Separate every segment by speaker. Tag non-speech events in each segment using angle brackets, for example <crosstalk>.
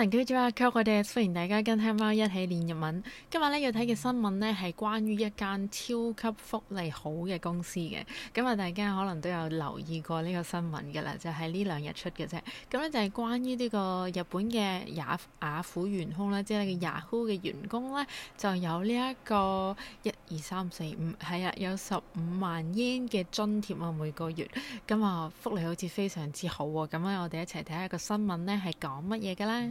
Speaker 1: Bye, Kirk, 我歡迎大家跟黑貓一起練日文。今日咧，要睇嘅新聞咧，係關於一間超級福利好嘅公司嘅。咁、嗯、啊，大家可能都有留意過呢個新聞噶啦，就喺、是、呢兩日出嘅啫。咁、嗯、咧就係、是、關於呢個日本嘅雅雅虎員工啦。即係個 Yahoo 嘅員工咧，就有呢一個一二三四五係啊，有十五萬円嘅津貼啊，每個月咁啊、嗯，福利好似非常之好、啊。咁、嗯、咧，我哋一齊睇下個新聞咧係講乜嘢噶啦。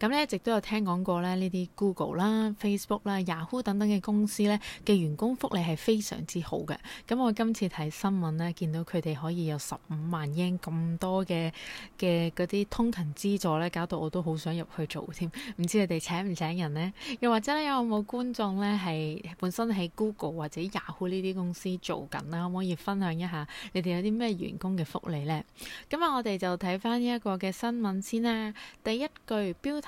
Speaker 1: 咁咧一直都有聽講過咧呢啲 Google 啦、Go ogle, Facebook 啦、Yahoo 等等嘅公司咧嘅員工福利係非常之好嘅。咁我今次睇新聞咧，見到佢哋可以有十五萬英咁多嘅嘅嗰啲通勤資助咧，搞到我都好想入去做添。唔知你哋請唔請人呢？又或者有冇觀眾咧係本身喺 Google 或者 Yahoo 呢啲公司做緊啦，可唔可以分享一下你哋有啲咩
Speaker 2: 員工嘅福利呢？
Speaker 1: 咁啊，我哋就睇翻呢一個嘅新聞先啦。第一句。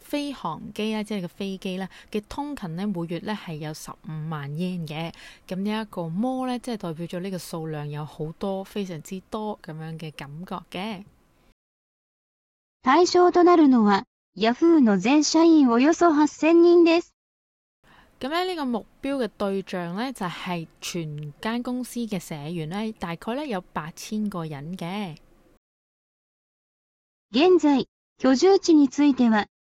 Speaker 1: 飛行機啦，即係個飛機啦，嘅通勤呢，每月呢係有十五萬日圓嘅。咁呢一個摩呢，即係代表咗呢個數量有好多，非常之多咁樣嘅感
Speaker 2: 覺嘅。対象となるのはヤフーの全社員およそ8000人です。咁咧呢個目標嘅對象呢，就
Speaker 1: 係全間公司嘅社員呢，大概呢有八千個人嘅。
Speaker 2: 現在居住地については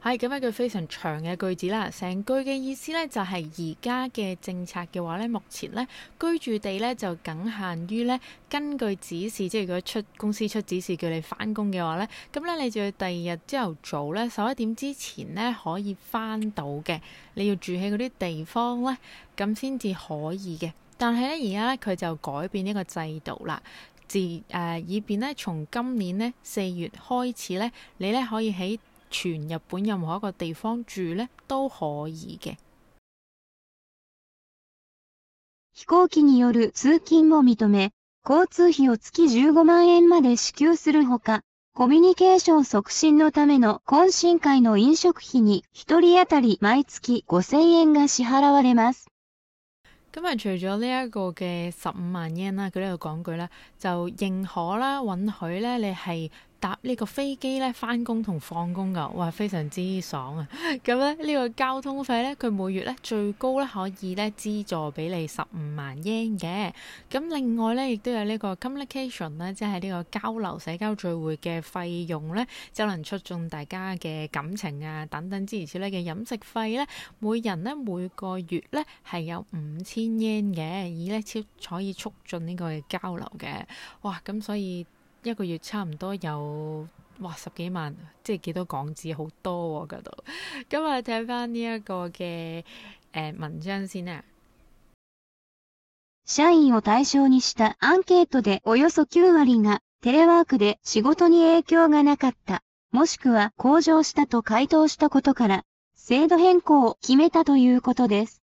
Speaker 1: 係咁一句非常長嘅句子啦。成句嘅意思咧，就係而家嘅政策嘅話咧，目前咧居住地咧就僅限於咧根據指示，即係如果出公司出指示叫你返工嘅話咧，咁咧你就要第二日朝頭早咧十一點之前咧可以返到嘅。你要住喺嗰啲地方咧，咁先至可以嘅。但係咧，而家咧佢就改變呢個制度啦，自誒、呃、以便咧從今年咧四月開始咧，你咧可以喺。全日本任何一個地方住咧都可以嘅。
Speaker 2: 飛行機による通勤も認め、交通費を月15萬円まで支給するほか、コミュニケーション促進のための懇親會の飲食費に一人當たり毎月5000円が支払われます。
Speaker 1: 今日，除咗呢一個嘅十五萬円啦，佢呢度講句咧，就認可啦，允許咧，你係。搭呢個飛機咧，翻工同放工噶，哇，非常之爽啊！咁 <laughs> 咧、嗯，呢、這個交通費咧，佢每月咧最高咧可以咧資助俾你十五萬 yen 嘅。咁、嗯、另外咧，亦都有呢個 communication 咧，即係呢個交流，個交流社交聚會嘅費用咧，就能促進大家嘅感情啊，等等之如此類嘅飲食費咧，每人咧每個月咧係有五千 yen 嘅，以咧超可以促進呢個嘅交流嘅，哇！咁、嗯、所以。一個月差唔多有哇十幾萬，即係幾多港紙，好多喎嗰度。咁啊，睇翻呢一個嘅誒文章先啦。
Speaker 2: 社員を対象にしたアンケートで、およそ9割がテレワークで仕事に影響がなかった、もしくは向上したと回答したことから、制度変更を決めたということです。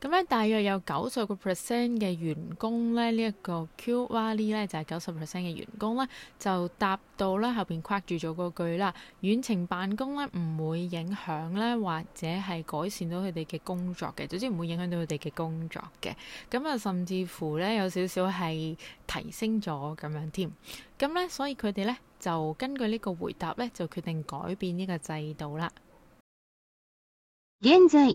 Speaker 1: 咁咧，大約有九十個 percent 嘅員工咧，呢一個 QR 呢，就係九十 percent 嘅員工咧，就答到咧後邊括住咗個句啦。遠程辦公咧唔會影響咧，或者係改善到佢哋嘅工作嘅，總之唔會影響到佢哋嘅工作嘅。咁啊，甚至乎咧有少少係提升咗咁樣添。咁咧，所以佢哋咧就根據呢個回答咧，就決定改變呢個制度啦。
Speaker 2: 現在。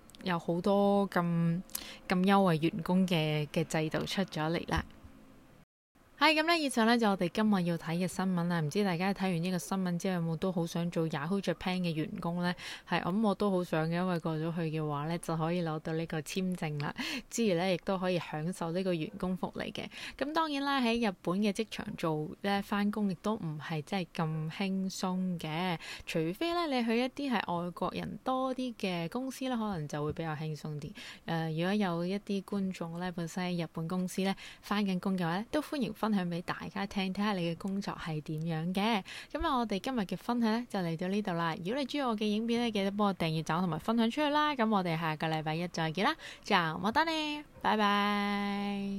Speaker 1: 有好多咁咁優惠員工嘅嘅制度出咗嚟啦。係咁咧，Hi, 以上咧就我哋今日要睇嘅新聞啦。唔知大家睇完呢個新聞之後有冇都好想做 Yahoo Japan 嘅員工咧？係咁，我都好想嘅，因為過咗去嘅話咧，就可以攞到呢個簽證啦。之餘咧，亦都可以享受呢個員工福利嘅。咁當然啦，喺日本嘅職場做咧翻工，亦都唔係真係咁輕鬆嘅，除非咧你去一啲係外國人多啲嘅公司咧，可能就會比較輕鬆啲。誒、呃，如果有一啲觀眾咧本身喺日本公司咧翻緊工嘅話咧，都歡迎分。分享俾大家聽，睇下你嘅工作係點樣嘅。咁啊，我哋今日嘅分享咧就嚟到呢度啦。如果你中意我嘅影片咧，記得幫我訂閱、讚好同埋分享出去啦。咁我哋下個禮拜一再見啦，就冇得你，拜拜。